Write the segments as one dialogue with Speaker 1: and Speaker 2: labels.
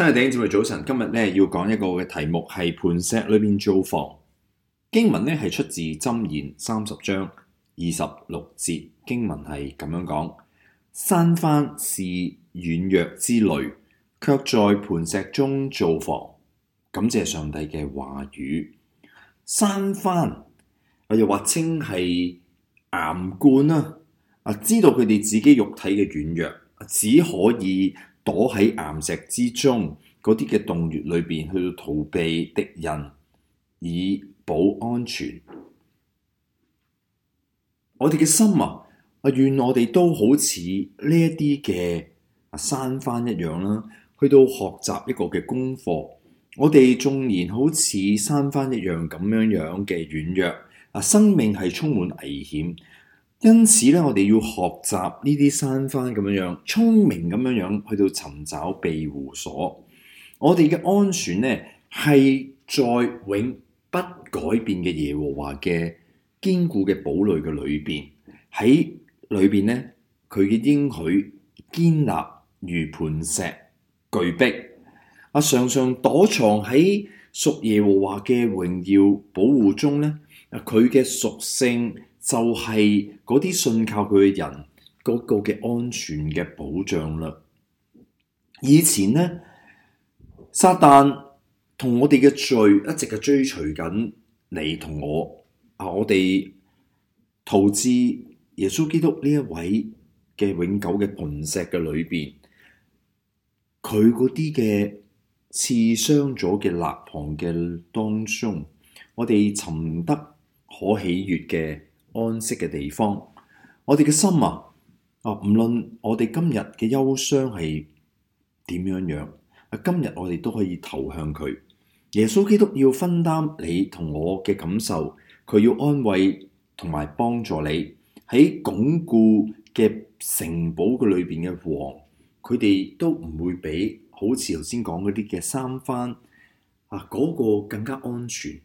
Speaker 1: 真係頂節目，早晨。今日咧要講一個嘅題目係磐石裏邊造房。經文咧係出自針《箴言》三十章二十六節，經文係咁樣講：沙番是軟弱之類，卻在磐石中造房。感謝上帝嘅話語。沙番，我又或稱係岩貛啦。啊，知道佢哋自己肉體嘅軟弱，只可以。躲喺岩石之中，嗰啲嘅洞穴裏邊去逃避敵人，以保安全。我哋嘅心啊，啊願我哋都好似呢一啲嘅啊沙番一樣啦，去到學習一個嘅功課。我哋縱然好似沙番一樣咁樣樣嘅軟弱，啊生命係充滿危險。因此咧，我哋要學習呢啲沙番咁樣樣，聰明咁樣樣去到尋找庇護所。我哋嘅安全咧係在永不改變嘅耶和華嘅堅固嘅堡壘嘅裏邊。喺裏邊咧，佢嘅應許堅立如磐石巨壁。阿常常躲藏喺屬耶和華嘅榮耀保護中咧。佢嘅屬性。就係嗰啲信靠佢嘅人，個個嘅安全嘅保障啦。以前咧，撒但同我哋嘅罪一直嘅追隨緊你同我啊，我哋逃至耶穌基督呢一位嘅永久嘅磐石嘅裏邊，佢嗰啲嘅刺傷咗嘅肋旁嘅當中，我哋尋得可喜悅嘅安息嘅地方，我哋嘅心啊，啊唔論我哋今日嘅憂傷係點樣樣，啊，今日我哋都可以投向佢。耶穌基督要分擔你同我嘅感受，佢要安慰同埋幫助你，喺鞏固嘅城堡嘅裏邊嘅王，佢哋都唔會比好似頭先講嗰啲嘅沙番啊嗰個，更加安全。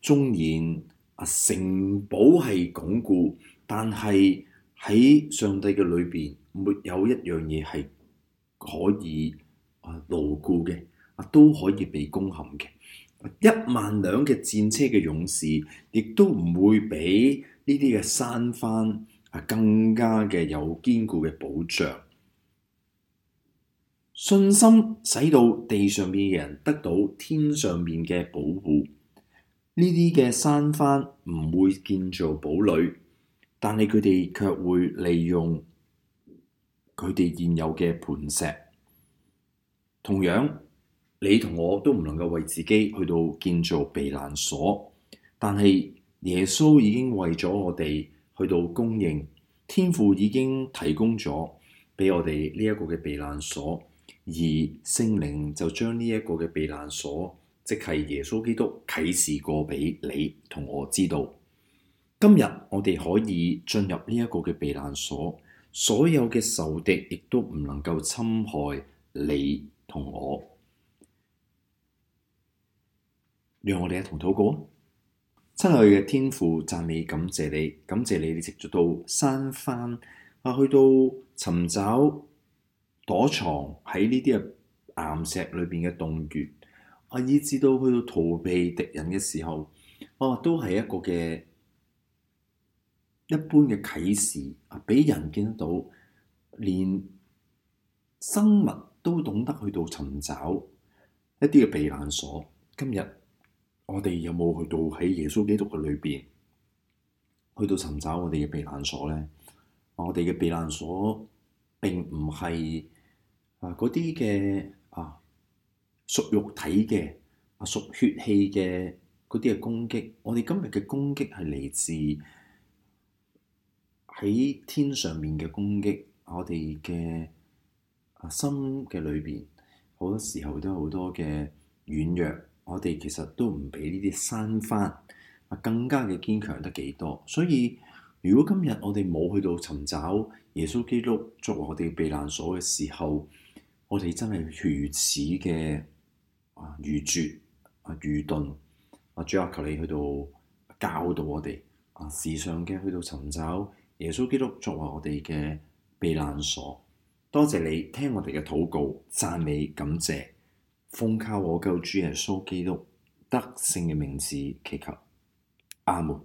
Speaker 1: 縱然。啊，城堡係鞏固，但係喺上帝嘅裏邊，沒有一樣嘢係可以牢固嘅，啊都可以被攻陷嘅。一萬輛嘅戰車嘅勇士，亦都唔會比呢啲嘅沙番啊更加嘅有堅固嘅保障。信心使到地上面嘅人得到天上面嘅保護。呢啲嘅沙番唔會建造堡壘，但係佢哋卻會利用佢哋現有嘅磐石。同樣，你同我都唔能夠為自己去到建造避難所，但係耶穌已經為咗我哋去到供應，天父已經提供咗畀我哋呢一個嘅避難所，而聖靈就將呢一個嘅避難所。即係耶穌基督啟示過畀你同我知道，今日我哋可以進入呢一個嘅避難所，所有嘅仇敵亦都唔能夠侵害你同我。讓我哋一同禱告，親愛嘅天父，讚美感謝你，感謝你，你直接到沙番啊，去到尋找躲藏喺呢啲嘅岩石裏邊嘅洞穴。啊！以至到去到逃避敵人嘅時候，啊，都係一個嘅一般嘅啟示啊，俾人見得到。連生物都懂得去到尋找一啲嘅避難所。今日我哋有冇去到喺耶穌基督嘅裏邊去到尋找我哋嘅避難所咧？啊，我哋嘅避難所並唔係啊嗰啲嘅啊。屬肉體嘅啊，屬血氣嘅嗰啲嘅攻擊，我哋今日嘅攻擊係嚟自喺天上面嘅攻擊，我哋嘅心嘅裏邊，好多時候都有好多嘅軟弱，我哋其實都唔比呢啲沙番啊更加嘅堅強得幾多，所以如果今日我哋冇去到尋找耶穌基督作為我哋避難所嘅時候，我哋真係如此嘅。啊愚拙，啊愚鈍，啊主要求你去到教導我哋，啊時常嘅去到尋找耶穌基督作為我哋嘅避難所。多謝你聽我哋嘅禱告，讚美感謝，奉靠我救主耶穌基督得勝嘅名字祈求，阿門。